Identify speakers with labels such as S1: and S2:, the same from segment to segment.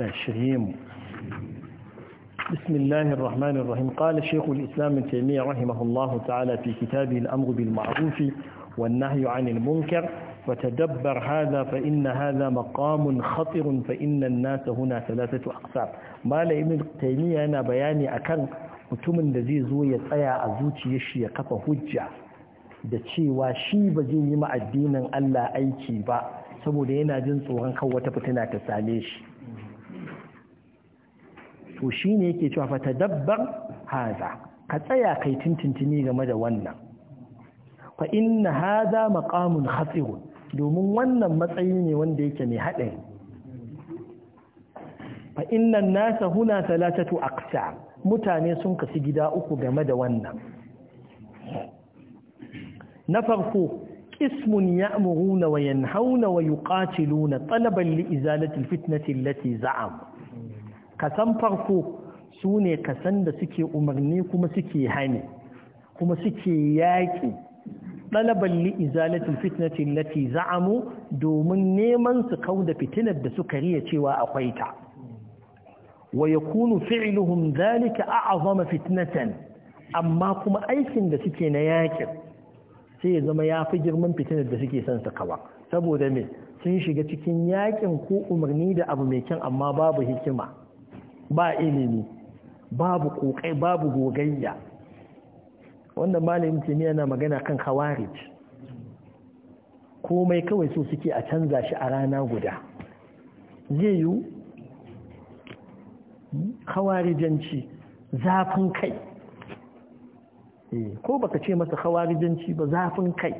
S1: Allah shirye mu بسم الله الرحمن الرحيم قال شيخ الإسلام ابن تيمية رحمه الله تعالى في كتابه الأمر بالمعروف والنهي عن المنكر وتدبر هذا فإن هذا مقام خطر فإن الناس هنا ثلاثة أقسام ما ابن تيمية أنا بياني أكن mutumin da zai zo ya tsaya a zuciyar shi ya kafa hujja da cewa shi ba zai yi ma'addinin Allah aiki ba saboda yana jin tsoron kan wata fitina ta same shi to shine yake cewa dabbar haza ka tsaya kai tintintini game da wannan fa inna haza maqamun khatir domin wannan matsayi ne wanda yake mai haɗari fa inna nasa huna salatatu aqsa mutane sun kasu gida uku game da wannan na farko ismun ya'muruna wa yanhauna wa yuqatiluna talaban li izalati alfitnati allati za'am kasan farko su ne kasan da suke umarni kuma suke hani kuma suke yaƙi ɗalaban li izalatul fitnati lati za'amu domin neman su kau da fitinar da suka riya cewa akwai ta wa yakunu fi'luhum zalika a'zama fitnatan amma kuma aikin da suke na yaƙin sai ya zama ya fi girman fitinar da suke son su kawa saboda me sun shiga cikin yaƙin ko umarni da abu mai kyan amma babu hikima ba ilimi babu kokai babu gogayya wannan malamin tini yana magana kan khawarij komai kawai so suke a canza shi a rana guda zai yiwu khawarijanci zafin kai eh, ko baka ce masa khawarijanci ba zafin kai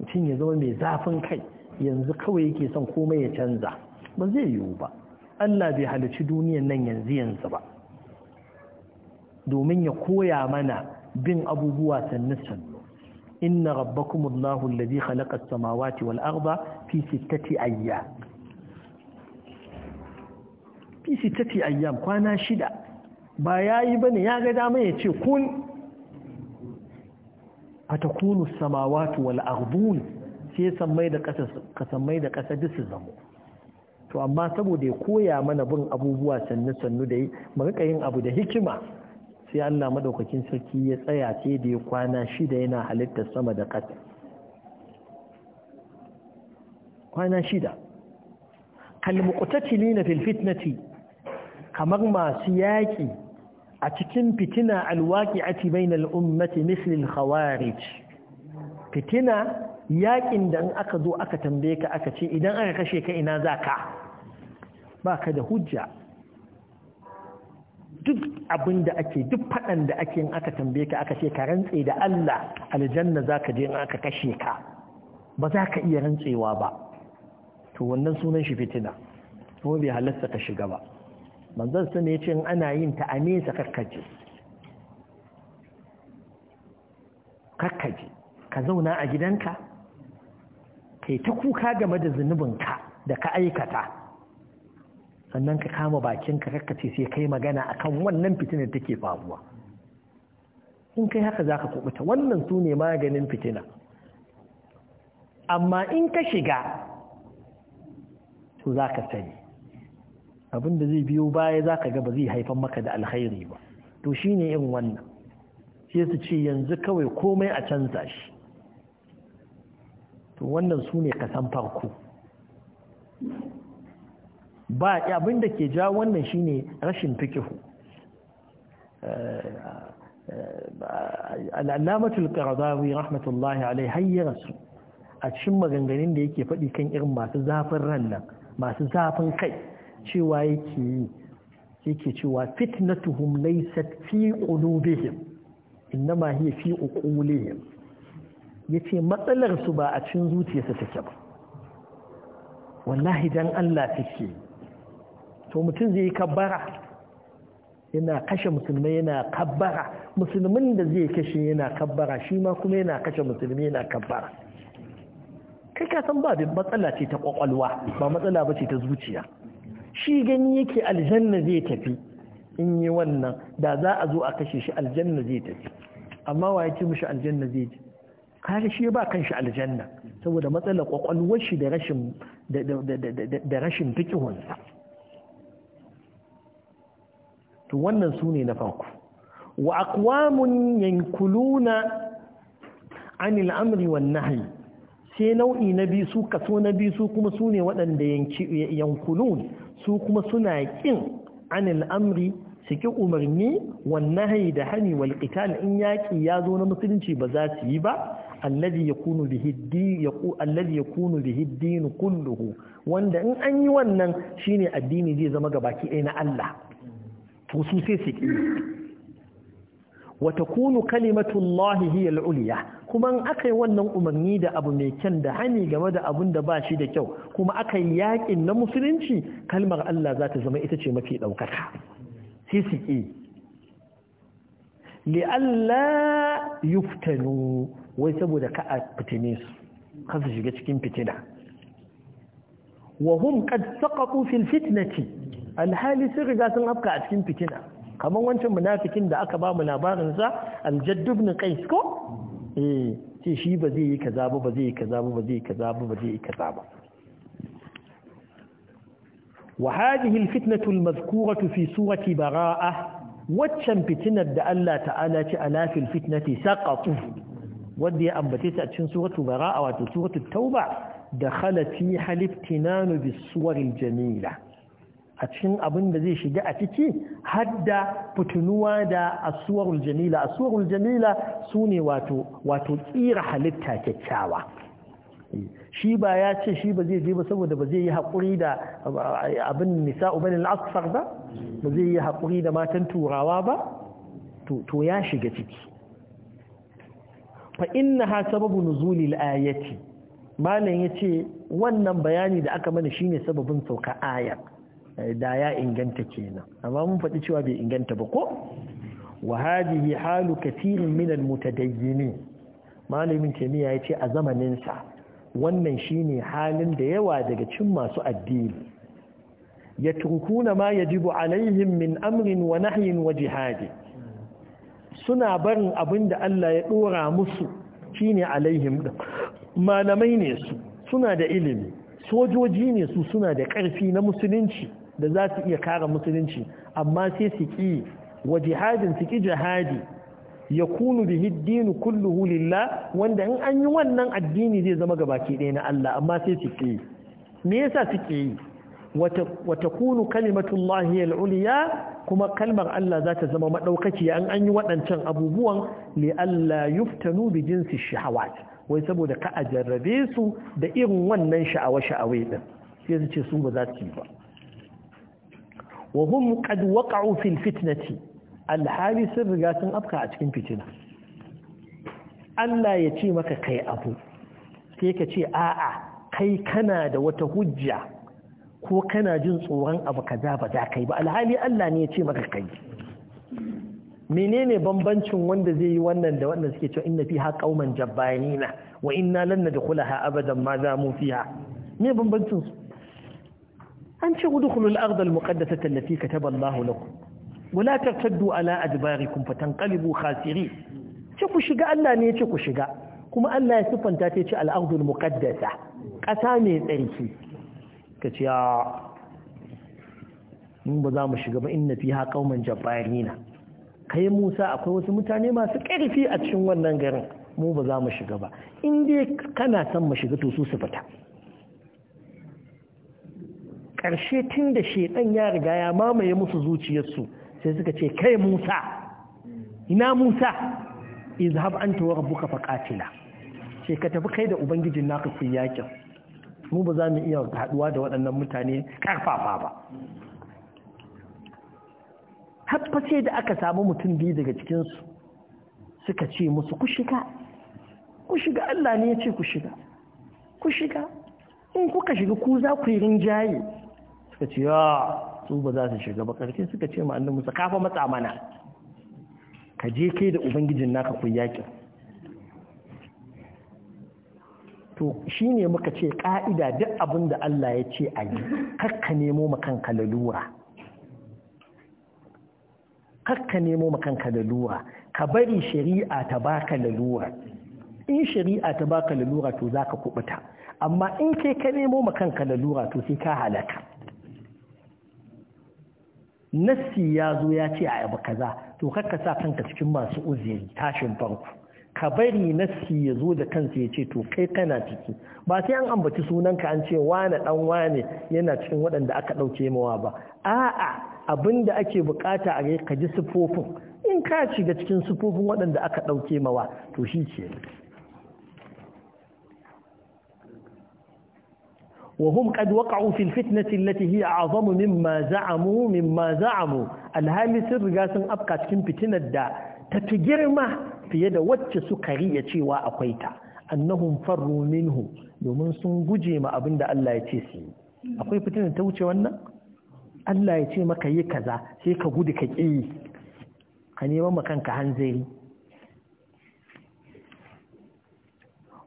S1: mutum ya zama mai zafin kai yanzu kawai yake son komai ya canza ba zai yiwu ba Allah bai halarci duniyan nan yanzu yanzu ba domin ya koya mana bin abubuwa sannu sannu inna rabbakumullahu alladhi khalaqa as-samawati wal arda fi sittati ayyam fi sittati ayyam kwana shida ba yayi bane ya ga dama ya ce kun atakunu as-samawati wal ardun sai sammai da kasa kasammai da kasa su zamo to amma saboda ya koya mana bin abubuwa sannu sannu da yi rika yin abu da hikima sai Allah madaukakin sarki ya tsaya ce da ya kwana shida yana halittar sama da ƙasa kwana shida kalmuqtatili na fil kamar masu yaƙi a cikin fitina alwaqi'ati bainal ummati al'ummati mislil khawarij fitina yaƙin da aka zo aka tambaye ka aka ce idan aka kashe ka ina za ka baka da hujja duk abin da ake duk faɗan da ake in aka tambaye ka aka ce ka rantse da Allah aljanna za ka je in aka kashe ka ba za ka iya rantsewa ba to wannan sunan shi fitina kuma bai halarta ka shiga ba manzon sun ya ce in ana yin ta a nesa kakkaje kakkaje ka zauna a gidanka kai ta kuka game da zunubinka da ka aikata sannan ka kama bakin ka kakkace sai kai magana akan wannan fitinar take faruwa in kai haka zaka kubuta wannan su ne maganin fitina amma in ka shiga to zaka sani abin da zai biyo baya zaka ga ba zai haifar maka da alkhairi ba to shine irin wannan sai su ce yanzu kawai komai a canza shi to wannan su ne kasan farko ba abinda ke ja wannan shine rashin fikihu eh, eh, al'alamatul karazawi rahmatullahi alai su a cikin maganganun da yake faɗi kan irin masu zafin ran nan masu zafin kai cewa yake yi yake cewa fitnatuhum laysat fi qulubihim innama hiya fi uqulihim yace matsalar su ba a cikin zuciyarsa take ba wallahi dan Allah take to mutum zai yi kabbara yana kashe musulmai yana kabbara musulmin da zai kashe yana kabbara shi ma kuma yana kashe musulmi yana kabbara kai ka san babin matsala ce ta kwakwalwa ba matsala ba ce ta zuciya shi gani yake aljanna zai tafi in yi wannan da za a zo a kashe shi aljanna zai tafi amma wa ce mishi aljanna zai ji kare shi ba kan shi aljanna saboda matsalar kwakwalwar shi da rashin da rashin fikihunsa to wannan su ne na farko wa akwamun yankuluna anil amri wan nahyi sai nau'i na biyu su kaso na biyu su kuma su ne waɗanda yankulun su kuma suna kin anil amri su ki umarni wan nahyi da hani wal qital in yaki ya zo na musulunci ba za su yi ba alladhi yakunu bihi din alladhi yakunu bihi din kulluhu wanda in an yi wannan shine addini zai zama gabaki ɗaya na Allah to su sai su wata kalimatullahi hiya al'uliya kuma in aka yi wannan umarni da abu mai kyan da hani game da abun da ba shi da kyau kuma aka yi yaƙin na musulunci kalmar Allah za ta zama ita ce mafi ɗaukaka sai su ƙi li'alla yuftanu wai saboda ka a fitine su kan su shiga cikin fitina wa hum qad saqatu fil fitnati alhali sun riga sun afka a cikin fitina kamar wancan munafikin da aka ba mu labarin sa aljadd ibn qais ko eh ce shi ba zai yi kaza ba ba zai yi kaza ba ba zai yi kaza ba zai yi kaza ba wa hadhihi alfitnatu almadhkuratu fi surati bara'ah waccan fitinar da Allah ta'ala ce ala fitnati saqatu wanda ya ambace ta a cikin suratu bara'a wato suratu tauba da khalat fi haliftinanu bis suwaril a cikin abin da zai shiga a ciki hadda fitunuwa da asuwarul jamila asuwarul jamila su ne wato tsira halitta kyakkyawa shi ba ya ce shi ba zai je ba saboda ba zai yi haƙuri da abin nisa ubanin al'asfar ba ba zai yi haƙuri da matan turawa ba to ya shiga ciki fa inna ha sababu nuzulil ayati malam yace wannan bayani da aka mana shine sababin sauka ayat Eh, da ya inganta kenan amma mun faɗi cewa bai inganta ba ko wa hadihi halu kathirin min almutadayyin malamin kimiyya yace a zamanin sa wannan shine halin da yawa daga cikin masu addini yatunkuna ma yajibu alaihim min amrin wa nahyin wa jihad suna barin abinda Allah ya dora musu shine alaihim malamai ne su suna da ilimi sojoji ne su suna da karfi na musulunci da za su iya kara musulunci amma sai su ki wa jihadin su ki jihadi ya kunu da hiddinu kullu hulillah wanda in an yi wannan addini zai zama gabaki ɗaya na Allah amma sai su ki me yasa su ki wata kunu kalimatullahi uliya kuma kalmar Allah za ta zama maɗaukaci an an yi waɗancan abubuwan li Allah yuftanu bi jinsi shahawat wai saboda ka a jarrabe su da irin wannan sha'awa-sha'awai ɗin sai su ce su ba za su yi ba wa hum qad waqa'u fil fitnati alhali sun riga sun afka a cikin fitina Allah ya ce maka kai abu sai ka ce a'a kai kana da wata hujja ko kana jin tsoron abu kaza ba za kai ba alhali Allah ne ya ce maka kai menene bambancin wanda zai yi wannan da wanda suke cewa inna fiha qauman jabbanina wa inna lan nadkhulaha abadan ma za mu fiha me bambancin su an ce udkhulul ardh al muqaddasata allati kataba Allahu lakum wala tartaddu ala adbarikum fatanqalibu khasirin ce ku shiga Allah ne ya ce ku shiga kuma Allah ya siffanta ta ce al ardh al ƙasa mai tsarki kace ya ah, mun ba za mu shiga ba inna fiha qauman jabbarina kai Musa akwai wasu mutane masu ƙarfi a cikin wannan garin mu ba za mu shiga ba in dai kana son mu shiga to su su fita ƙarshe tun da shaidan ya riga ya mamaye musu zuciyarsu sai suka ce kai musa ina musa izhab anta wa rabbuka faqatila ce ka tafi kai da ubangijin naka ku yakin mu ba za mu iya haduwa da waɗannan mutane karfafa ba haffa sai da aka samu mutum biyu daga cikinsu suka ce musu ku shiga ku shiga Allah ne ya ce ku shiga ku shiga in kuka shiga ku za ku yi rinjaye suka ce ya su ba za su shiga ba ƙarshe suka ce ma'annin musa kafa matsa mana ka je kai da ubangijin naka kun yaƙi to shi ne muka ce ƙa'ida duk abin da Allah ya ce a yi kakka nemo makanka lalura kakka nemo makanka lalura ka bari shari'a ta baka lalura in shari'a ta baka lalura to zaka kubuta amma in kai ka nemo makanka lalura to sai ka halaka nassi ya zo ya ce a yaba kaza to kakka sa kanka cikin masu uzuri tashin farko ka bari nassi ya zo da kansa ya ce to kai kana ciki ba sai an ambaci sunanka an ce wane dan wane yana cikin waɗanda aka ɗauke mawa ba a'a abin da ake bukata a ka ji sufofin in ka shiga cikin sufofin waɗanda aka ɗauke mawa to shi ce وهم قد وقعوا في الفتنة التي هي أعظم مما زعموا مما زعموا الهالي سر قاسم أبقى تكين فتنة دا تتجرمة في يد وجه سكرية وأقويتا أنهم فروا منه domin sun guje ma abinda da Allah ya ce su yi akwai fitinar ta wuce wannan Allah ya ce maka yi kaza sai ka gudu ka ƙi ka ma kanka hanziri.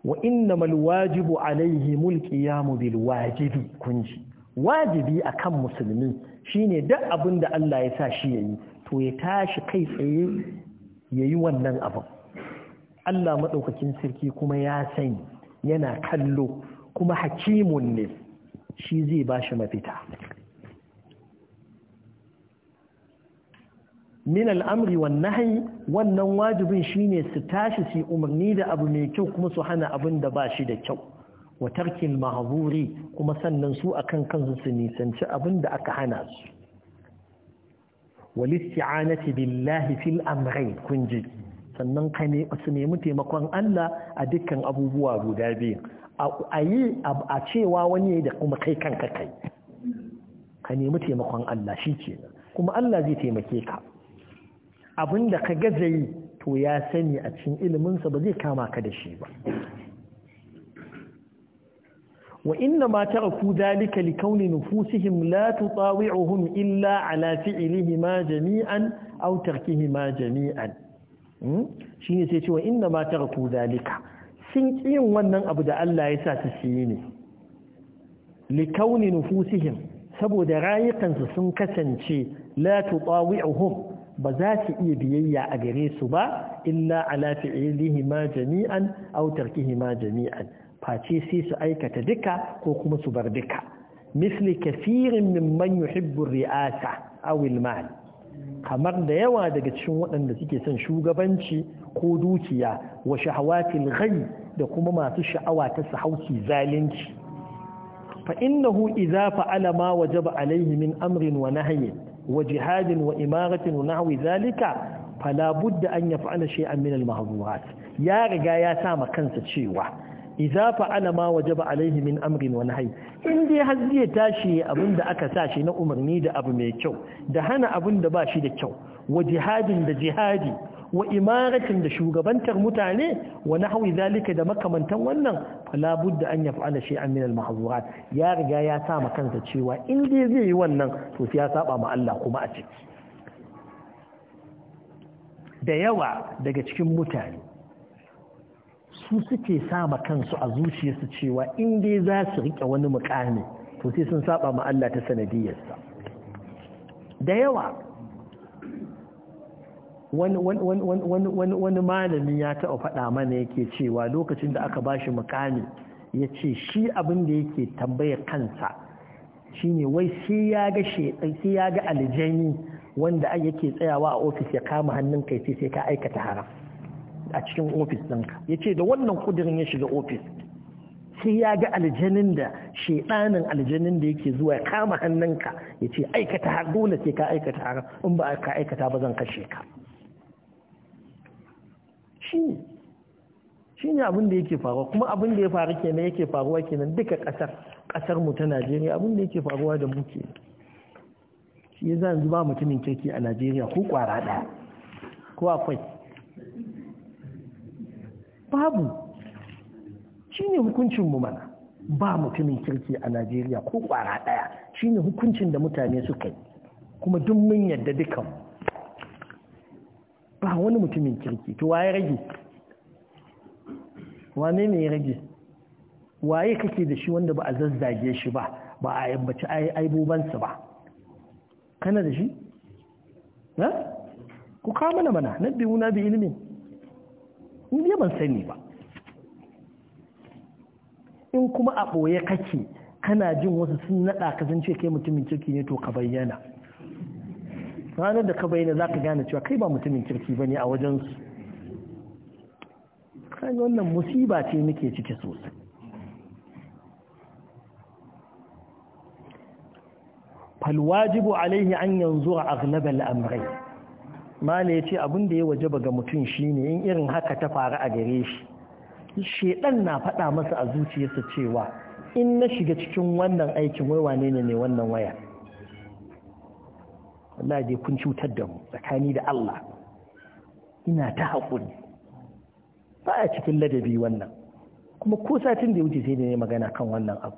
S1: wa innamal wajibu alaihi mulki ya mu bil wajibi kunji wajibi akan musulmi shine duk abin da Allah ya sa shi yayi to ya tashi kai tsaye yayi wannan abin Allah madaukakin sarki kuma ya sani yana kallo kuma hakimun ne shi zai bashi mafita min al'amri wan wannan wajibin shine su tashi su umarni da abu mai kyau kuma su hana abin da ba shi da kyau wa tarkin mahzuri kuma sannan su akan kansu su nisanci abin da aka hana su wal isti'anati billahi fil kun ji sannan ka su nemi taimakon Allah a dukkan abubuwa guda biyu a yi a cewa wani da kuma kai kanka kai ka nemi taimakon Allah shi kenan kuma Allah zai taimake ka abin da ka gaza yi to ya sani a cikin iliminsa ba zai kama ka da shi ba wa inna ma taraku dalika li kauni nufusihim la tutawi'uhum illa ala fi'lihi ma jami'an aw tarkihi ma jami'an hmm? shine sai ce wa inna ma taraku dalika sun kiyin wannan abu da Allah ya sa su yi ne li kauni nufusihim saboda rayukansu sun kasance la tutawi'uhum ba za su iya biyayya a gare su ba illa ala fi'ilihi ma jami'an aw tarkihi ma jami'an face sai su aikata duka ko kuma su bar duka misli kafirin mimman yuhibbu ri'asa aw al-mal kamar da yawa daga cikin waɗanda suke son shugabanci ko dukiya wa shahawatil ghayb da kuma masu sha'awa ta sahauki zalunci fa innahu idza fa'ala ma wajaba alayhi min amrin wa nahyin وجهاد وإمارة ونحو ذلك فلا بد أن يفعل شيئا من المحظورات يا رجايا سام كنسة شيوة إذا فعل ما وجب عليه من أمر ونهي إن دي هزي تاشي أبن دا أكساشي نأمرني دا أبو ميكو دهنا أبن دا باشي دا كو وجهاد دا جهادي wa imaratin da shugabantar mutane wa nahwi zalika da makamantan wannan fala budda an yaf'ala shay'an min al ya riga ya sa ma kansa cewa in dai zai yi wannan to sai ya saba ma Allah kuma a ciki da yawa daga cikin mutane su suke sa ma kansu a zuciyarsu cewa in dai za su rike wani mukami to sai sun saba ma Allah ta sanadiyarsa da yawa wani malami ya taɓa faɗa mana yake cewa lokacin da aka bashi mukami ya ce shi abin da yake tambaya kansa shine wai sai ya ga wanda yake tsayawa a ofis ya kama hannun kai sai ka aikata haram a cikin ofis ɗinka ya ce da wannan kudirin ya shiga ofis sai ya ga aljanin da shaidanin aljanin da yake zuwa ya kama hannunka ya ce aikata har dole sai ka aikata har in ba ka aikata ba zan kashe ka shine ne abin da yake faruwa kuma abin da ya faru kenan yake faruwa kenan duka kasar kasar mu ta Najeriya abin da yake faruwa da mu kenan shi yasa yanzu ba mutumin kirki a Najeriya ko kwara ɗaya ko akwai babu shi ne hukuncin mu mana ba mutumin kirki a Najeriya ko kwara daya ne hukuncin da mutane suka yi kuma duk mun yadda mu. ba wani mutumin kirki to waye rage wane ne ya rage waye kake da shi wanda ba a zazzage shi ba ba a yambaci aibobansa ba kana da shi? ha ku kawo mana mana na biyu na bi ilimin biya ban sani ba in kuma a ɓoye kake kana jin wasu sun naɗa zance kai mutumin kirki ne to ka bayyana ranar da ka bayyana za ka gane cewa kai ba mutumin kirki ba ne a wajensu kan wannan musiba ce muke ciki sosai falwajibu alaihi an yanzu a agnabal amrai ne ya ce abinda da ya wajaba ga mutum shi ne, in irin haka ta faru a gare shi shaidan na faɗa masa a zuciyarsa cewa in na shiga cikin wannan aikin wai wane ne wannan waya Allah dai kun cutar da mu tsakani da Allah ina ta haƙuri ba a cikin ladabi wannan
S2: kuma ko satin da
S1: ya wuce sai da ne magana kan wannan abu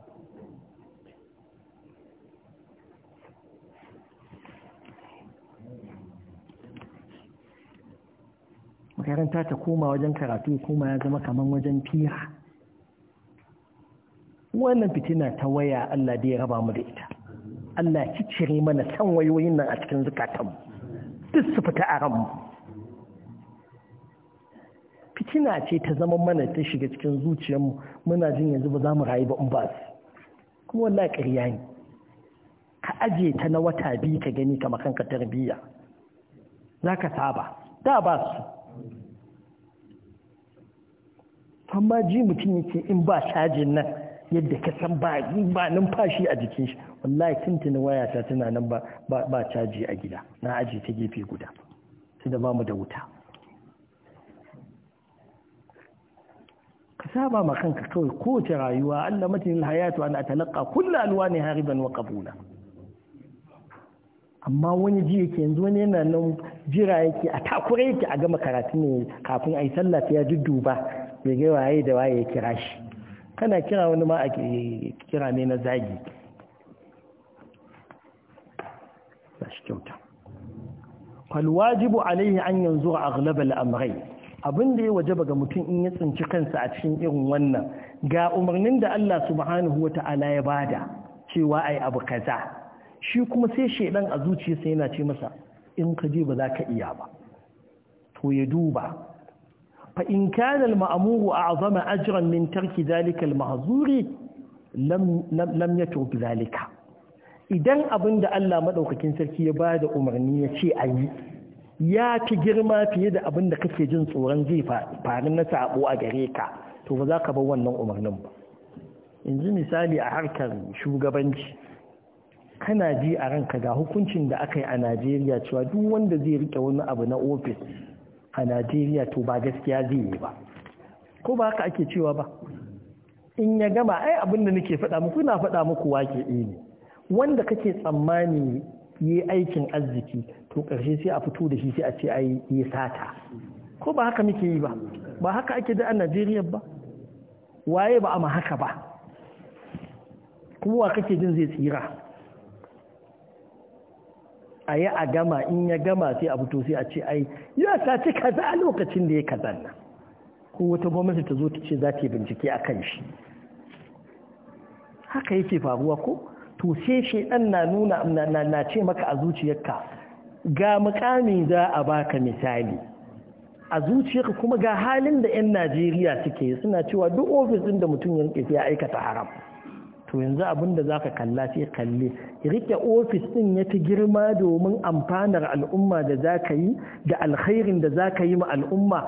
S1: makaranta ta koma wajen karatu koma ya zama kamar wajen fira wannan fitina ta waya Allah da ya raba mu da ita Allah ya cire mana san wayoyin nan a cikin zukatanmu duk su fita a ranmu fitina ce ta zama mana ta shiga cikin zuciyarmu muna jin yanzu ba za mu rayu ba in ba su kuma wallahi ƙarya ne ka aje ta na wata biyu ka gani kamar kanka tarbiyya za ka saba da ba su amma ji mutum yake in ba cajin nan yadda ka san ba ba numfashi a jikin shi wallahi tuntuni wayata tana nan ba caji a gida na aji ta gefe guda su da bamu da wuta ka saba ma kanka kawai kowace rayuwa Allah matin hayatu an atalaqa kullu alwani hariban wa qabula amma wani ji yake yanzu wani yana nan jira yake a takure yake a gama karatu ne kafin a sallah ta ya dudduba ya ga waye da waye ya kira shi kana kira wani ma a kira ne na zagi shi kyauta falwajibu alaihi an yanzu a aghlabal amrai abin da ya wajaba ga mutum in ya tsinci kansa a cikin irin wannan ga umarnin da Allah subhanahu Ta'ala ya bada cewa ai abu kaza shi kuma sai shedan a zuciyarsa yana ce masa in ka je ba za ka iya ba to ya duba fa in kana al-ma'muru a'zama ajran min tarki dhalika al-mahzuri lam lam idan abin da Allah maɗaukakin sarki ya ba da umarni ya ce a yi ya fi girma fiye da abin da kake jin tsoron zai faru na sabo a gare ka to ba za ka bar wannan umarnin ba in ji misali a harkar shugabanci kana ji a ranka ga hukuncin da aka yi a najeriya cewa duk wanda zai rike wani abu na ofis a najeriya to ba gaskiya zai yi ba ko ba haka ake cewa ba in ya gama ai abin da nake faɗa muku na faɗa muku wake ne wanda kake tsammani yi aikin arziki to ƙarshe sai a fito da shi sai a ce a yi sata ko ba haka muke yi ba ba haka ake da a Najeriya ba waye ba ma haka ba kuma wa kake jin zai tsira a yi a gama in ya gama sai a fito sai a ce a yi ya sace kaza a lokacin da ya kazan nan ko wata gwamnati ta zo ta ce za ta yi bincike a kan shi haka yake faruwa ko to sai dan na nuna na ce maka a zuciyarka ga mukami za a baka misali a zuciyarka kuma ga halin da 'yan najeriya suke suna cewa duk ofis ɗin da mutum ya rike sai ya aikata haram to yanzu abin da za ka kalla sai kalle rike ofis ɗin ya fi girma domin amfanar al'umma da zaka yi da alkhairin da zaka yi ma al'umma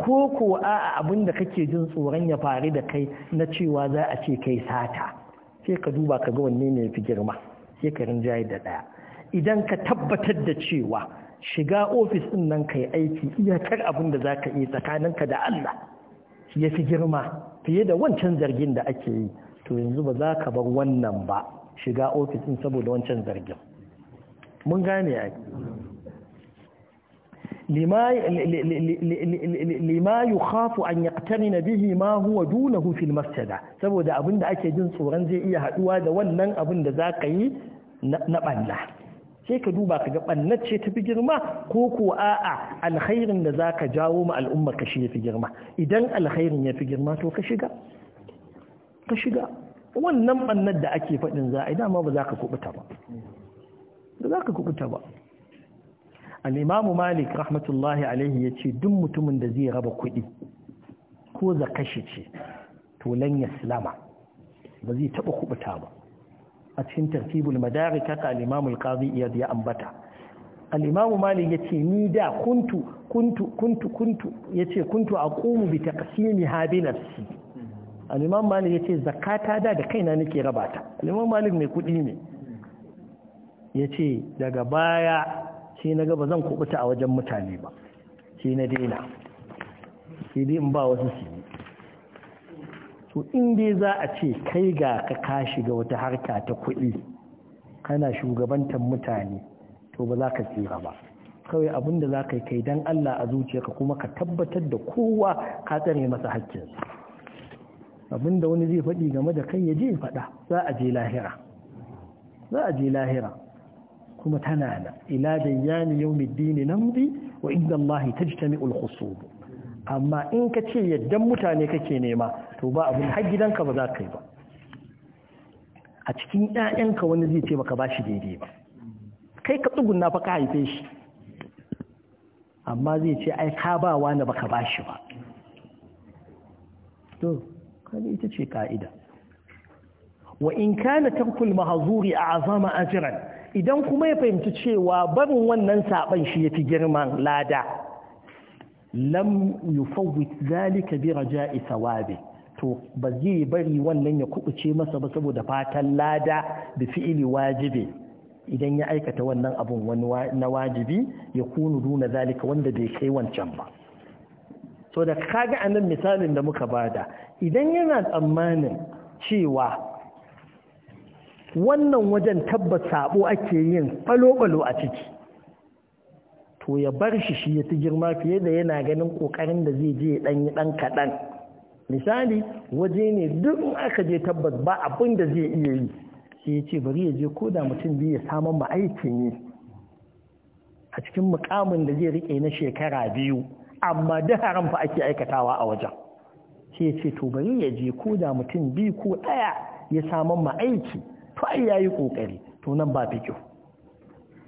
S1: ko ko a abin da kake jin tsoron ya faru da kai na cewa za a ce kai sata sai ka duba ka ga wanne ne fi girma sai ka rinjaye da ɗaya idan ka tabbatar da cewa shiga ofis din nan ka yi aiki iyakar abin da za ka yi ka da Allah shi ya fi girma fiye da wancan zargin da ake yi to yanzu ba za ka bar wannan ba shiga ofis ɗin saboda wancan zargin mun gane a lima yi khafu na bihi ma huwa dunahu fil saboda abin da ake jin tsoron zai iya haduwa da wannan abin da za ka yi na ɓanna sai ka duba ka ga ɓannar ce ta fi girma ko ko a'a alkhairin da za ka jawo ma al'ummar ka shi ya fi girma idan alkhairin ya fi girma to ka shiga ka shiga wannan ɓannar da ake faɗin za a ba za ka kubuta ba ba za ka kubuta ba al'imamu malik rahmatullahi alaihi ya ce duk mutumin da zai raba kuɗi ko zakashi ce tolan ya silama ba zai taɓa kubuta ba a cikin tartibul madarika ta al'imamu al-qazi ya ambata al'imamu malik ya ce ni da kuntu kuntu kuntu kuntu ya ce kuntu a ƙumu bi taqsimi ha bi nafsi al'imamu malik ya ce zakata da da kaina nake rabata al'imamu malik mai kuɗi ne ya ce daga baya sai na ga ba zan kubuta a wajen mutane ba sai na daina sai dai in ba wasu su yi to in dai za a ce kai ga ka ka shiga wata harka ta kuɗi kana shugabantar mutane to ba za ka tsira ba kawai abin da za ka yi kai don Allah a ka kuma ka tabbatar da kowa ka tsare masa haƙƙinsa abin da wani zai faɗi game da kai ya je faɗa za a je lahira za a je lahira kuma tana nan ila da yani nan bi, wa inda Allah tajtami'ul khusub amma in ka ce yaddan mutane kake nema to ba abin har gidanka ba za ka yi ba a cikin ƴaƴanka wani zai ce baka bashi daidai ba kai ka tsugunna fa ka haife shi amma zai ce ai ka ba wani baka bashi ba to kai ita ce ka'ida wa in kana tankul mahzuri a'zama ajran idan kuma ya fahimci cewa barin wannan saban shi ya fi girman lada lam yufawwit zalika bi raja'i to ba zai bari wannan ya kubuce masa ba saboda fatan lada bi fi'ili wajibi idan ya aikata wannan abun wani na wajibi ya kunu duna zalika wanda bai kai wancan ba so da kaga anan misalin da muka bada idan yana tsammanin cewa wannan wajen tabbas sabo ake yin falo-falo a ciki to ya bar shi shi ya fi girma fiye da yana ganin ƙoƙarin da zai je dan yi dan kaɗan misali waje ne duk in aka je tabbas ba abin da zai iya yi sai ya ce bari ya je ko da mutum biyu ya samun ma aikin yi a cikin mukamin da zai riƙe na shekara biyu amma duk haram fa ake aikatawa a wajen sai ya ce to bari ya je ko da mutum biyu ko ɗaya ya samun ma aiki to ai yayi ƙoƙari to nan ba kyau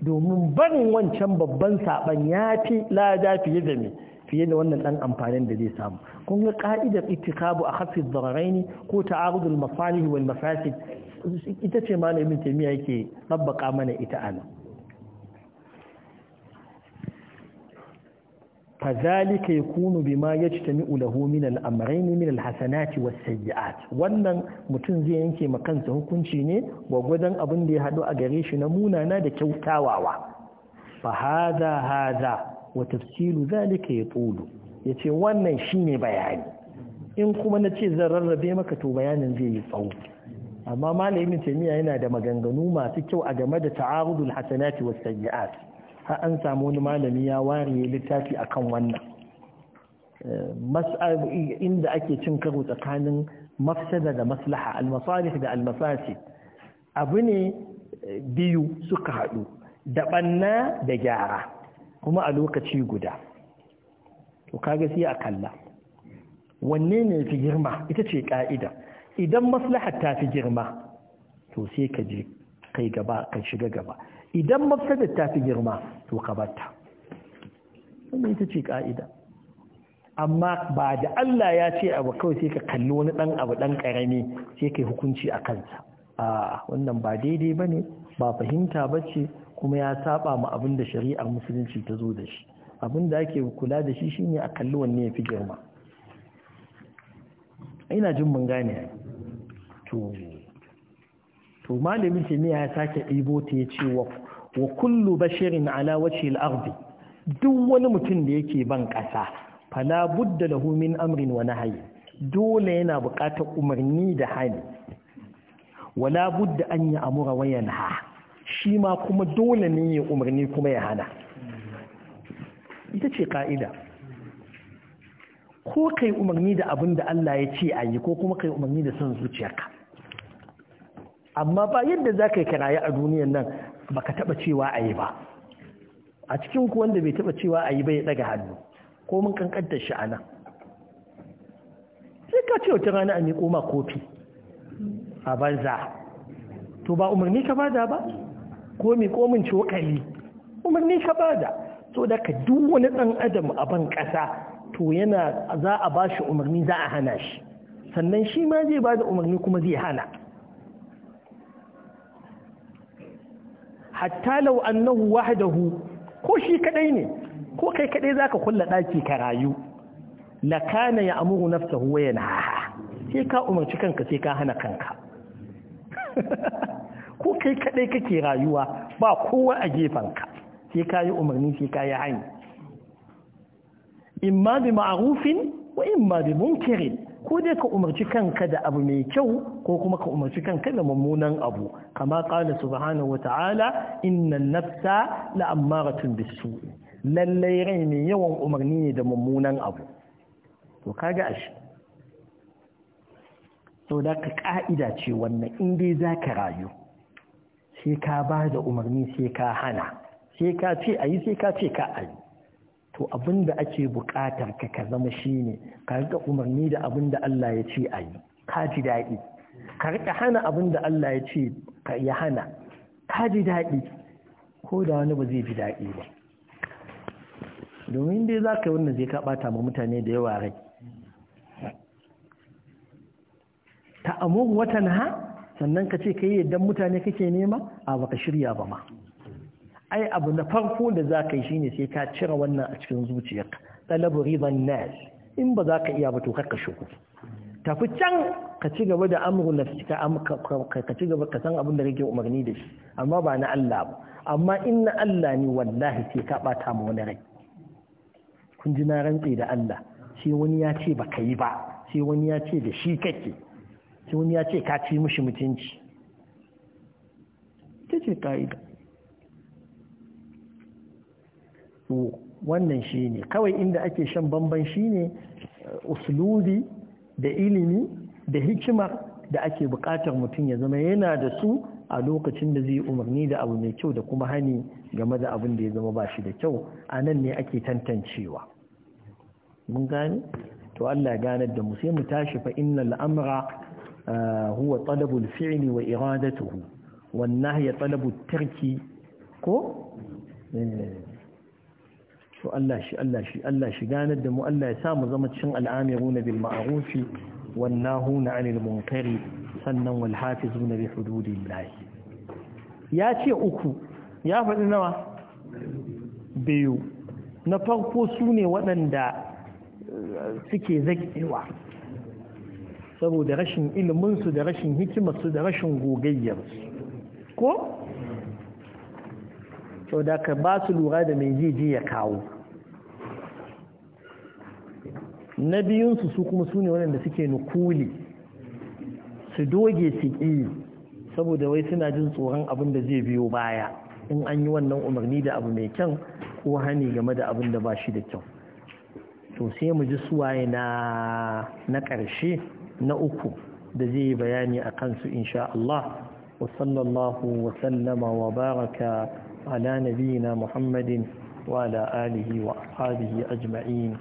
S1: domin barin wancan babban saban ya fi lada fiye da me fiye da wannan dan amfanin da zai samu kun ga ƙa'idar ittikabu a hafi zararaini ko ta'arudul masalih wal mafasid ita ce malamin miya yake rabbaka mana ita anan فذلك يكون بما يجتمع له من الأمرين من الحسنات والسيئات wannan mutum zai yanke ma kansa hukunci ne gwagwadon abin da ya hadu a gare shi na munana da kyautawawa fa hadha hadha wa tafsilu zalika yatulu yace wannan shine bayani in kuma na ce zan rarrabe maka to bayanin zai yi tsawo amma malamin taymiya yana da maganganu masu kyau a game da ta'arudul hasanati was sayyi'at har an samu wani malami ya ware littafi akan wannan eh, inda ake cin karo tsakanin mafsada da maslaha almasalih da almasasi abu ne eh, biyu suka haɗu da ɓanna da gyara kuma a lokaci guda to kaga sai a kalla wanne ne fi girma ita ce ƙa'ida idan maslaha ta fi girma to sai ka je kai gaba ka shiga gaba idan mafsadar ta fi girma to ka batta wannan ita ce ka'ida amma ba da Allah ya ce abu kawai sai ka kalli wani ɗan abu ɗan karami sai kai hukunci a kansa a wannan ba daidai ba ne, ba fahimta ba ce. kuma ya saba ma abin da shari'ar musulunci ta zo da shi abin da ake kula da shi shine a kalli wanne ya fi girma ina jin mun gane to to malamin ne ya sake ɗibo ta ya ce wa kullu bashirin ala wace al'ardi duk wani mutum da yake ban ƙasa fala budda lahu min amrin wa nahyi dole yana buƙatar umarni da hali wala budda an yi amura wa yanha shi ma kuma dole ne ya umarni kuma ya hana ita ce ka'ida ko kai umarni da abin da Allah ya ce a yi ko kuma kai umarni da son zuciyarka amma ba yadda za ka yi a duniyan nan ba ka taɓa cewa a yi ba a cikin ku wanda bai taɓa cewa a yi ba ya ɗaga hannu ko mun kankantar shi a nan sai ka ce wata rana a miƙo ma kofi a banza to ba umarni ka bada ba ko miƙo komin cokali umarni ka bada to da ka duk wani ɗan adam a ban ƙasa to yana za a ba shi umarni za a hana shi sannan shi ma zai ba da umarni kuma zai hana hatta lau annahu hu ko shi kaɗai ne ko kai kadai zaka kulla ɗaki ka rayu la kana ya'muru nafsahu wa yanha sai ka umarci kanka sai ka hana kanka ko kai kadai kake rayuwa ba kowa a gefanka sai ka yi umarni sai ka yi hani imma bi ma'rufin wa imma bi munkirin ko dai ka umarci kanka da abu mai kyau ko kuma ka umarci kanka da mummunan abu kama qala subhanahu inna nafta nafsa la'ammaratun bisu lallai rai mai yawan umarni ne da mummunan abu to kaga ashe to da ka ka'ida ce wannan in dai za ka rayu sai ka ba da umarni sai ka hana sai ka ce ayi sai ka ce ka ayi to abin da ake buƙatar ka ka zama shi ne, ka rika umarni da abin da Allah ya ce a yi ka ji daɗi ka rika hana abin da Allah ya ce ka ya hana ka ji daɗi ko da wani ba zai ji daɗi ba domin dai za ka yi wannan zai ka ɓata ma mutane da yawa rai ta amu watan ha sannan ka ce ka yi yadda mutane kake nema a baka shirya ba ma ai abu na farko da za ka yi shine sai ka cire wannan a cikin zuciyarka talabu riban nas in ba za ka iya ba to ka Ta tafi can ka ci gaba da amru nafsika ka ci gaba ka san abin da kake umarni da shi amma ba na Allah ba amma in na Allah ne wallahi sai ka bata mu wani rai kun ji na rantsi da Allah sai wani ya ce baka yi ba sai wani ya ce da shi kake sai wani ya ce ka ci mishi mutunci ita ce ka'ida to wannan shi ne kawai inda ake shan bamban shi ne uh, uslubi da ilimi da hikimar da ake buƙatar mutum ya zama yana da su a lokacin da zai umarni da abu mai kyau da kuma hani game da abin da ya zama ba shi da kyau a nan ne ake tantancewa mun gane to Allah ya ganar da mu sai mu tashi fa innal amra uh, huwa talabul fi'li wa iradatuhu wan nahya talabut tarki ko eh. to Allah shi Allah shi Allah shi ganar da mu Allah ya sa mu zama cikin al'amiruna bil ma'ruf wan nahuna 'anil munkari sannan wal hafizuna bi hududillah ya ce uku ya faɗi nawa biyu na farko sune ne waɗanda eh, suke zakewa saboda rashin iliminsu da rashin hikimar su da rashin gogayyarsu ko? sau da ka ba su lura da mai jiji ya kawo na biyunsu su kuma su ne waɗanda suke nukuli su doge su ƙi saboda wai suna jin tsoron abin da zai biyo baya in an yi wannan umarni da abu mai kyan ko hani game da abin da ba shi da kyau to sai mu ji suwaye na na ƙarshe na uku da zai yi bayani a kansu insha Allah wa sallallahu wa sallama wa baraka ala nabiyina Muhammadin wa ala alihi wa ashabihi ajma'in